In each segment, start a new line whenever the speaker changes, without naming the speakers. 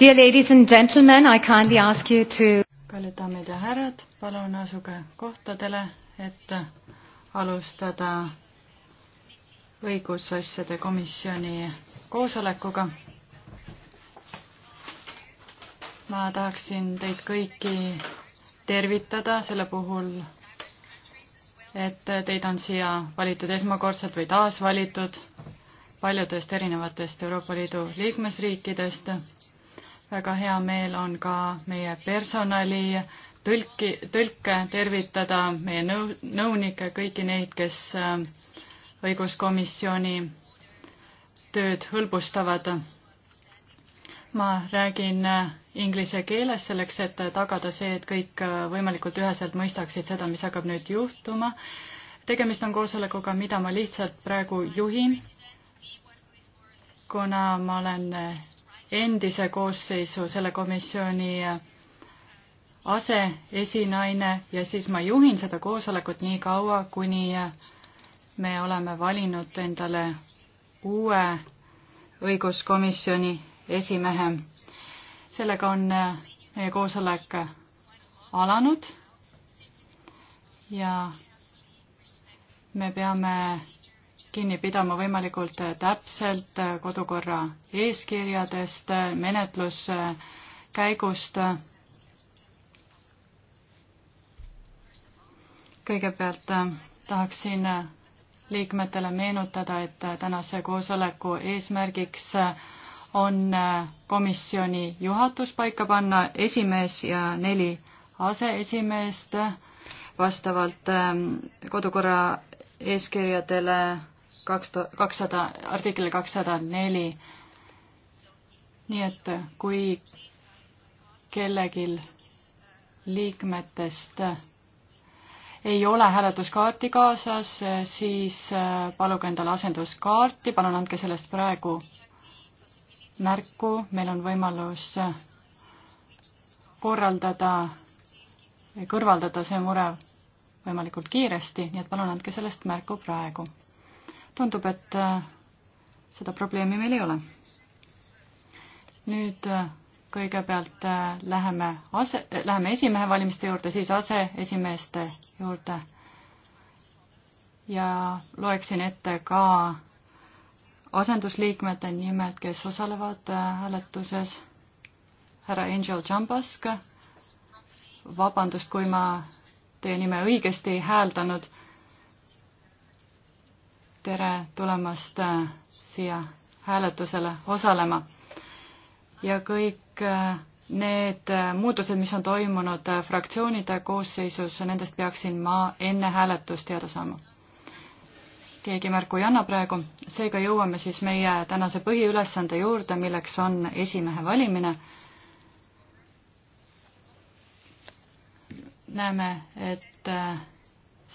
Dear ladies and gentlemen, I kindly
ask you to kallid daamid ja härrad, palun asuge kohtadele, et alustada õigusasjade komisjoni koosolekuga. ma tahaksin teid kõiki tervitada selle puhul, et teid on siia valitud esmakordselt või taasvalitud paljudest erinevatest Euroopa Liidu liikmesriikidest väga hea meel on ka meie personali tõlki, tõlke tervitada, meie nõu-, nõunikke, kõiki neid, kes äh, õiguskomisjoni tööd hõlbustavad. ma räägin äh, inglise keeles selleks, et äh, tagada see, et kõik võimalikult üheselt mõistaksid seda, mis hakkab nüüd juhtuma. tegemist on koosolekuga, mida ma lihtsalt praegu juhin, kuna ma olen endise koosseisu, selle komisjoni äh, aseesinaine ja siis ma juhin seda koosolekut nii kaua, kuni äh, me oleme valinud endale uue õiguskomisjoni esimehe. sellega on äh, meie koosolek alanud ja me peame kinni pidama võimalikult täpselt kodukorra eeskirjadest, menetluskäigust. kõigepealt tahaksin liikmetele meenutada, et tänase koosoleku eesmärgiks on komisjoni juhatus paika panna esimees ja neli aseesimeest vastavalt kodukorra eeskirjadele kaks tuhat, kakssada, artikkel kakssada neli. nii et kui kellelgi liikmetest ei ole hääletuskaarti kaasas, siis paluge endale asenduskaarti, palun andke sellest praegu märku, meil on võimalus korraldada, kõrvaldada see mure võimalikult kiiresti, nii et palun andke sellest märku praegu tundub, et äh, seda probleemi meil ei ole. nüüd äh, kõigepealt äh, läheme ase, läheme esimehe valimiste juurde, siis aseesimeeste juurde. ja loeksin ette ka asendusliikmete nimed, kes osalevad hääletuses. härra Angel Jambask, vabandust, kui ma teie nime õigesti ei hääldanud tere tulemast äh, siia hääletusele osalema. ja kõik äh, need äh, muutused, mis on toimunud fraktsioonide koosseisus, nendest peaksin ma enne hääletust teada saama. keegi märku ei anna praegu, seega jõuame siis meie tänase põhiülesande juurde, milleks on esimehe valimine. näeme, et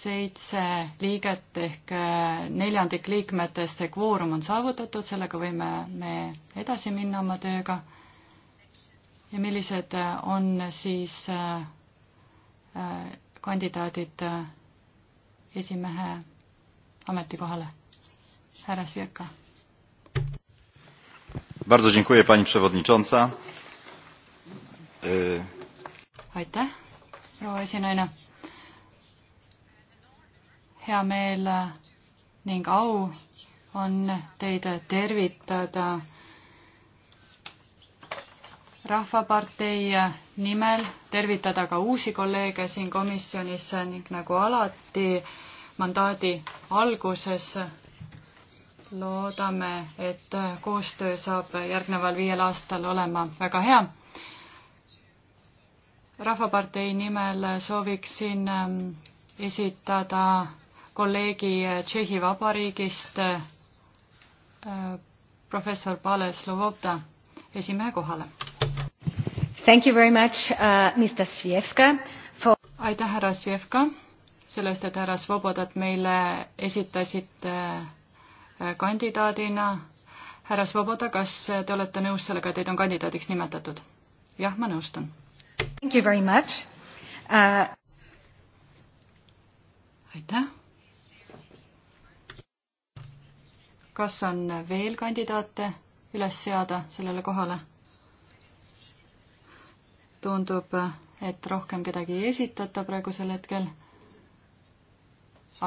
seitse liiget ehk äh, neljandik liikmetest, see kvoorum on saavutatud, sellega võime me edasi minna oma tööga. ja millised äh, on siis äh, kandidaadid esimehe ametikohale? härra Sirka.
Bardzo dziękuję pani przewodnicząca.
aitäh, proua esinaine hea meel ning au on teid tervitada Rahvapartei nimel, tervitada ka uusi kolleege siin komisjonis ning nagu alati mandaadi alguses loodame, et koostöö saab järgneval viiel aastal olema väga hea. rahvapartei nimel sooviksin esitada kolleegi Tšehhi Vabariigist äh, professor Pale Slovota esimehe kohale. Thank you very much uh,, Mr Svjevka for.... aitäh, härra Svjevka, selle eest, et härra Svobodat meile esitasite äh, kandidaadina. härra Svoboda, kas te olete nõus sellega, et teid on kandidaadiks nimetatud? jah, ma nõustun. Thank you very much uh.... aitäh kas on veel kandidaate üles seada sellele kohale? tundub, et rohkem kedagi ei esitata praegusel hetkel.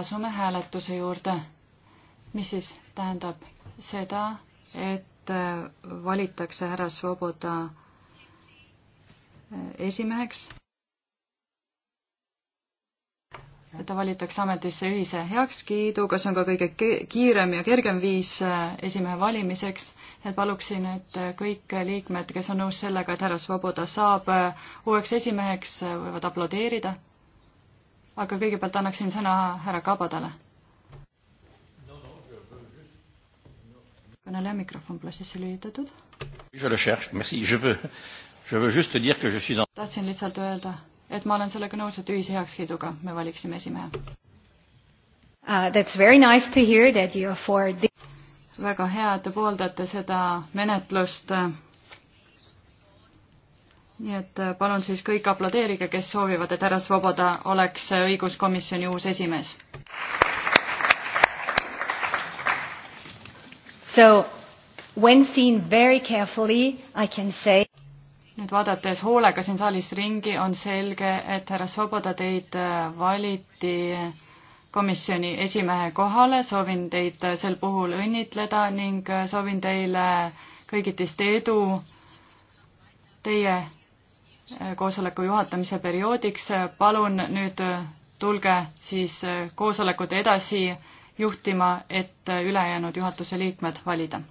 asume hääletuse juurde, mis siis tähendab seda, et valitakse härra Svoboda esimeheks ta valitakse ametisse ühise heakskiiduga, see on ka kõige kiirem ja kergem viis äh, esimehe valimiseks, et paluksin, et äh, kõik liikmed, kes on nõus sellega, et härra Svoboda saab äh, uueks esimeheks, võivad aplodeerida. aga kõigepealt annaksin sõna härra Kabadale. kõneleja mikrofon pole sisse lülitatud. tahtsin lihtsalt öelda et ma olen sellega nõus, et ühise heakskiiduga me valiksime esimehe uh,. That's very nice to hear that you are for the väga hea, et te pooldate seda menetlust. nii et äh, palun siis kõik aplodeerige, kes soovivad, et härra Svoboda oleks äh, õiguskomisjoni uus esimees. So when seen very carefully, I can say nüüd vaadates hoolega siin saalis ringi, on selge, et härra Soboda teid äh, valiti komisjoni esimehe kohale, soovin teid äh, sel puhul õnnitleda ning äh, soovin teile kõigitist edu teie koosoleku juhatamise perioodiks. palun nüüd tulge siis koosolekut edasi juhtima, et ülejäänud juhatuse liikmed valida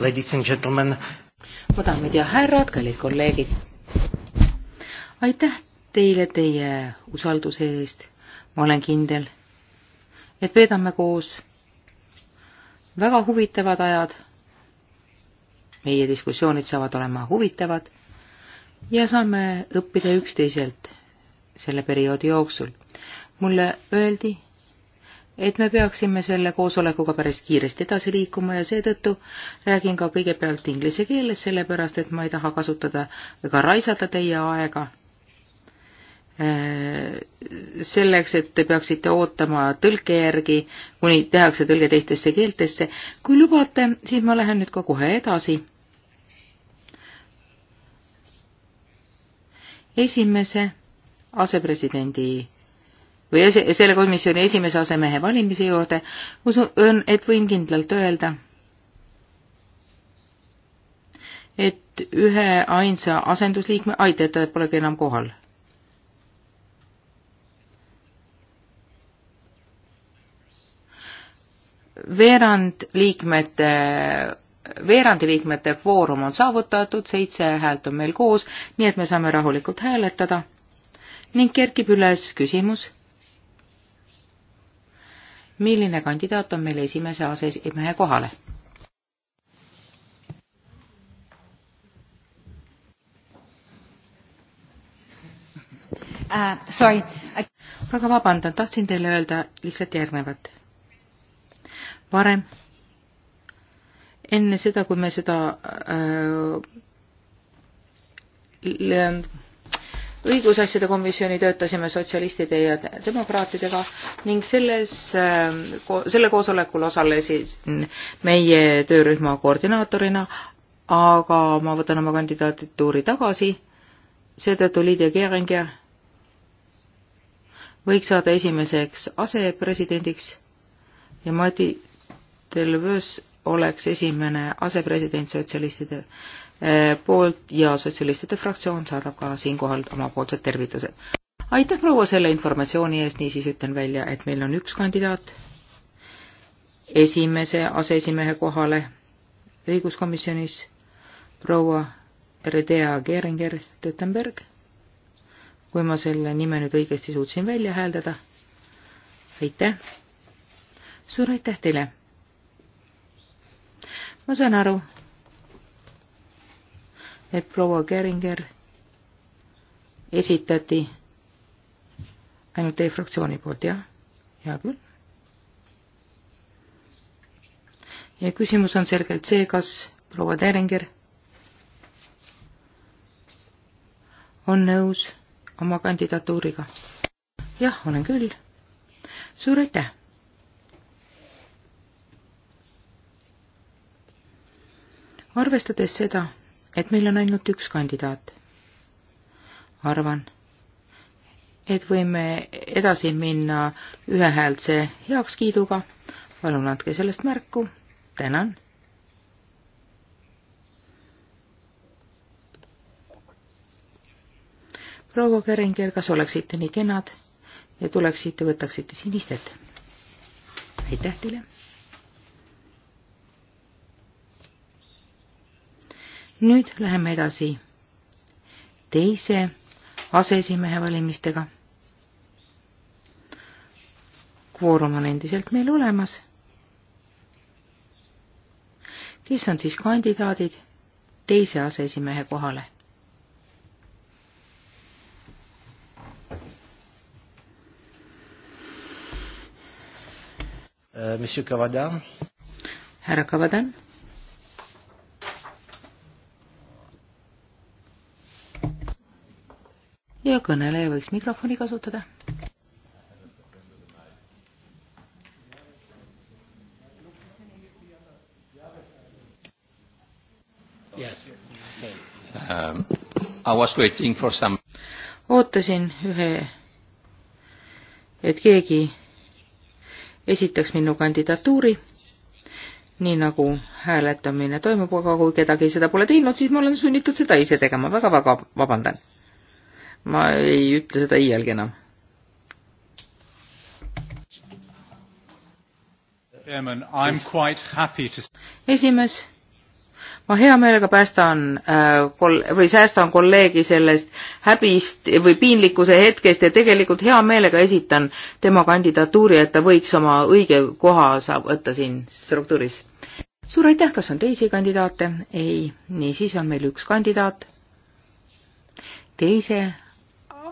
ladies and gentlemen. mu daamid ja härrad, kallid kolleegid. aitäh teile teie usalduse eest. ma olen kindel, et veedame koos väga huvitavad ajad. meie diskussioonid saavad olema huvitavad ja saame õppida üksteiselt selle perioodi jooksul. mulle öeldi, et me peaksime selle koosolekuga päris kiiresti edasi liikuma ja seetõttu räägin ka kõigepealt inglise keeles, sellepärast et ma ei taha kasutada ega raisata teie aega eh, selleks, et te peaksite ootama tõlke järgi, kuni tehakse tõlge teistesse keeltesse. kui lubate, siis ma lähen nüüd ka kohe edasi. esimese asepresidendi või selle komisjoni esimese asemehe valimise juurde, usun, et võin kindlalt öelda, et ühe ainsa asendusliikme, ai, teda polegi enam kohal. veerand liikmete veerandi liikmete kvoorum on saavutatud, seitse häält on meil koos, nii et me saame rahulikult hääletada. ning kerkib üles küsimus, milline kandidaat on meil esimese aseesimehe kohale?
Uh, sorry.
väga vabandan, tahtsin teile öelda lihtsalt järgnevat. varem, enne seda, kui me seda äh, õigusasjade komisjoni töötasime sotsialistide ja demokraatidega ning selles, ähm, selle koosolekul osalesin meie töörühma koordinaatorina, aga ma võtan oma kandidaadituuri tagasi, seetõttu Lydia Geringer võiks saada esimeseks asepresidendiks ja Mati Delvõs oleks esimene asepresident sotsialistide Eh, poolt ja sotsialistide fraktsioon saadab ka siinkohal omapoolsed tervitused. aitäh, proua, selle informatsiooni eest, niisiis ütlen välja, et meil on üks kandidaat esimese aseesimehe kohale õiguskomisjonis, proua Redea Geringer-Tüttenberg, kui ma selle nime nüüd õigesti suutsin välja hääldada. aitäh! suur aitäh teile! ma saan aru, et proua Geringer esitati ainult teie fraktsiooni poolt, jah? hea küll. ja küsimus on selgelt see, kas proua Geringer on nõus oma kandidatuuriga? jah, olen küll. suur aitäh! arvestades seda, et meil on ainult üks kandidaat. arvan, et võime edasi minna ühehäälse heakskiiduga. palun andke sellest märku. tänan. proua Keringer, kas oleksite nii kenad ja tuleksite, võtaksite sinist ette? aitäh teile nüüd läheme edasi teise aseesimehe valimistega. kvoorum on endiselt meil olemas. kes on siis kandidaadid teise aseesimehe kohale? Äh, Monsieur Cavadan. härra Cavadan ja kõneleja võiks mikrofoni kasutada.
Yes. Um, I was waiting for some
ootasin ühe, et keegi esitaks minu kandidatuuri, nii nagu hääletamine toimub, aga kui kedagi seda pole teinud, siis ma olen sunnitud seda ise tegema väga,, väga-väga vabandan ma ei ütle seda iialgi enam. esimees, ma hea meelega päästan äh, kol- või säästan kolleegi sellest häbist või piinlikkuse hetkest ja tegelikult hea meelega esitan tema kandidatuuri, et ta võiks oma õige koha saab võtta siin struktuuris. suur aitäh, kas on teisi kandidaate? ei, niisiis on meil üks kandidaat teise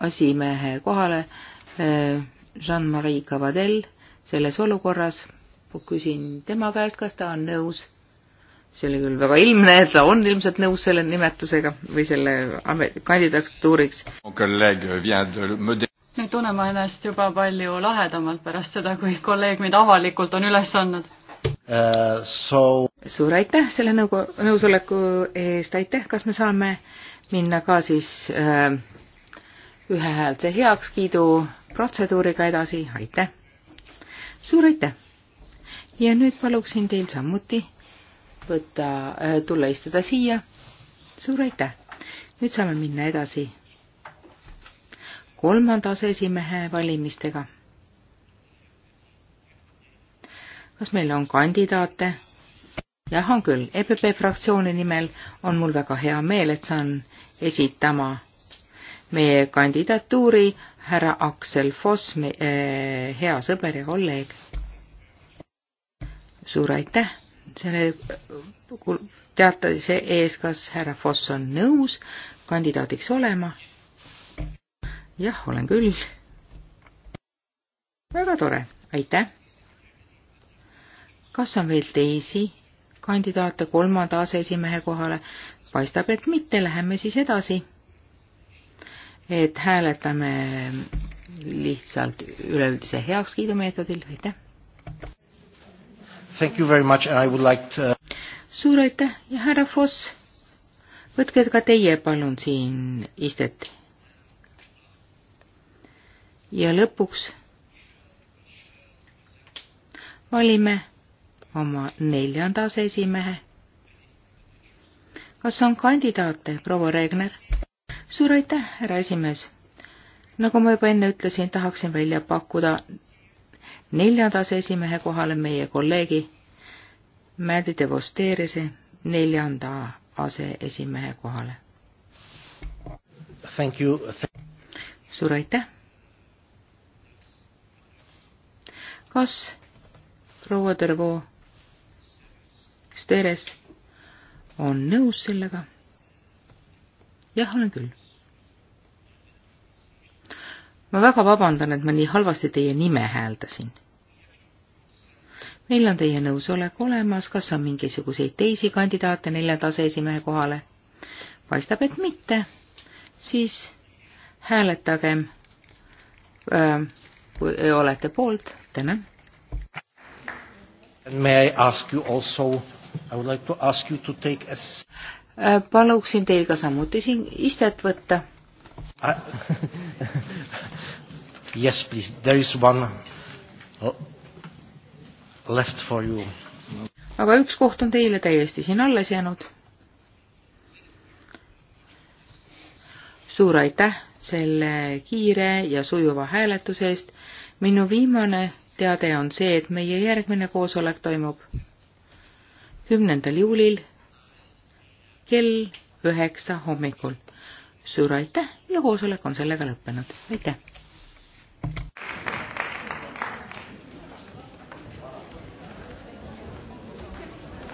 asimehe kohale eh, Jean-Marie Cavadel selles olukorras. küsin tema käest, kas ta on nõus. see oli küll väga ilmne, et ta on ilmselt nõus selle nimetusega või selle kandidatuuriks.
nüüd tunnen ma ennast juba palju lahedamalt pärast seda, kui kolleeg mind avalikult on üles andnud. Uh,
so... suur aitäh selle nõukogu, nõusoleku eest, aitäh, kas me saame minna ka siis äh, uh, ühehäälse heakskiidu protseduuriga edasi, aitäh! suur aitäh! ja nüüd paluksin teil samuti võtta, äh, tulla istuda siia. suur aitäh! nüüd saame minna edasi kolmanda aseesimehe valimistega. kas meil on kandidaate? jah, on küll. EPP fraktsiooni nimel on mul väga hea meel, et saan esitama meie kandidatuuri härra Aksel Foss, meie eh, hea sõber ja kolleeg. suur aitäh selle teatamise ees, kas härra Foss on nõus kandidaadiks olema? jah, olen küll. väga tore, aitäh. kas on veel teisi kandidaate kolmanda aseesimehe kohale? paistab, et mitte, läheme siis edasi et hääletame lihtsalt üleüldise heakskiidu meetodil, aitäh! Thank you very much and I would like to suur aitäh ja härra Foss, võtke ka teie palun siin istet. ja lõpuks valime oma neljanda aseesimehe. kas on kandidaate, proua Regner? suur aitäh, härra esimees! nagu ma juba enne ütlesin, tahaksin välja pakkuda neljanda aseesimehe kohale meie kolleegi Mädi Devosteerise neljanda aseesimehe kohale. suur aitäh! kas proua Tervo Steres on nõus sellega? jah, olen küll. ma väga vabandan, et ma nii halvasti teie nime hääldasin. meil on teie nõusolek olemas, kas on mingisuguseid teisi kandidaate neljanda aseesimehe kohale? paistab, et mitte. siis hääletagem. Äh, kui olete poolt, tänan. May I ask you also, I would like to ask you to take a Äh, paluksin teil ka samuti siin istet võtta. Ah. Yes, please, there is one oh, left for you. aga üks koht on teile täiesti siin alles jäänud. suur aitäh selle kiire ja sujuva hääletuse eest. minu viimane teade on see, et meie järgmine koosolek toimub kümnendal juulil kell üheksa hommikul. suur aitäh ja koosolek on sellega lõppenud, aitäh!